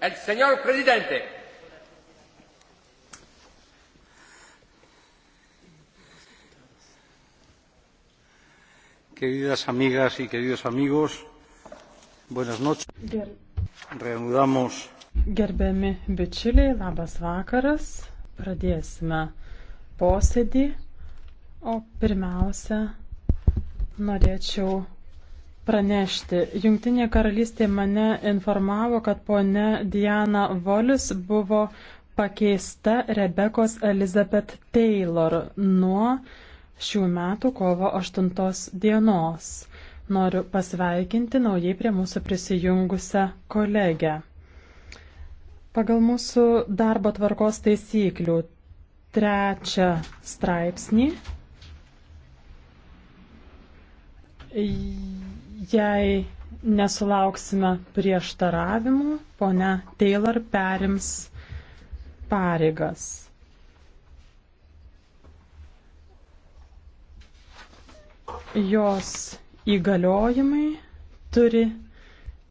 El señor presidente. Queridas amigas y queridos amigos, buenas noches. Ger Reanudamos. Gerbiami bičiuliai, labas vakaras. Pradėsime posėdį. O pirmiausia, norėčiau pranešti. Jungtinė karalystė mane informavo, kad ponia Diana Volis buvo pakeista Rebekos Elizabeth Taylor nuo šių metų kovo 8 dienos. Noriu pasveikinti naujai prie mūsų prisijungusią kolegę. Pagal mūsų darbo tvarkos taisyklių trečią straipsnį Jei nesulauksime prieštaravimų, ponia Taylor perims pareigas. Jos įgaliojimai turi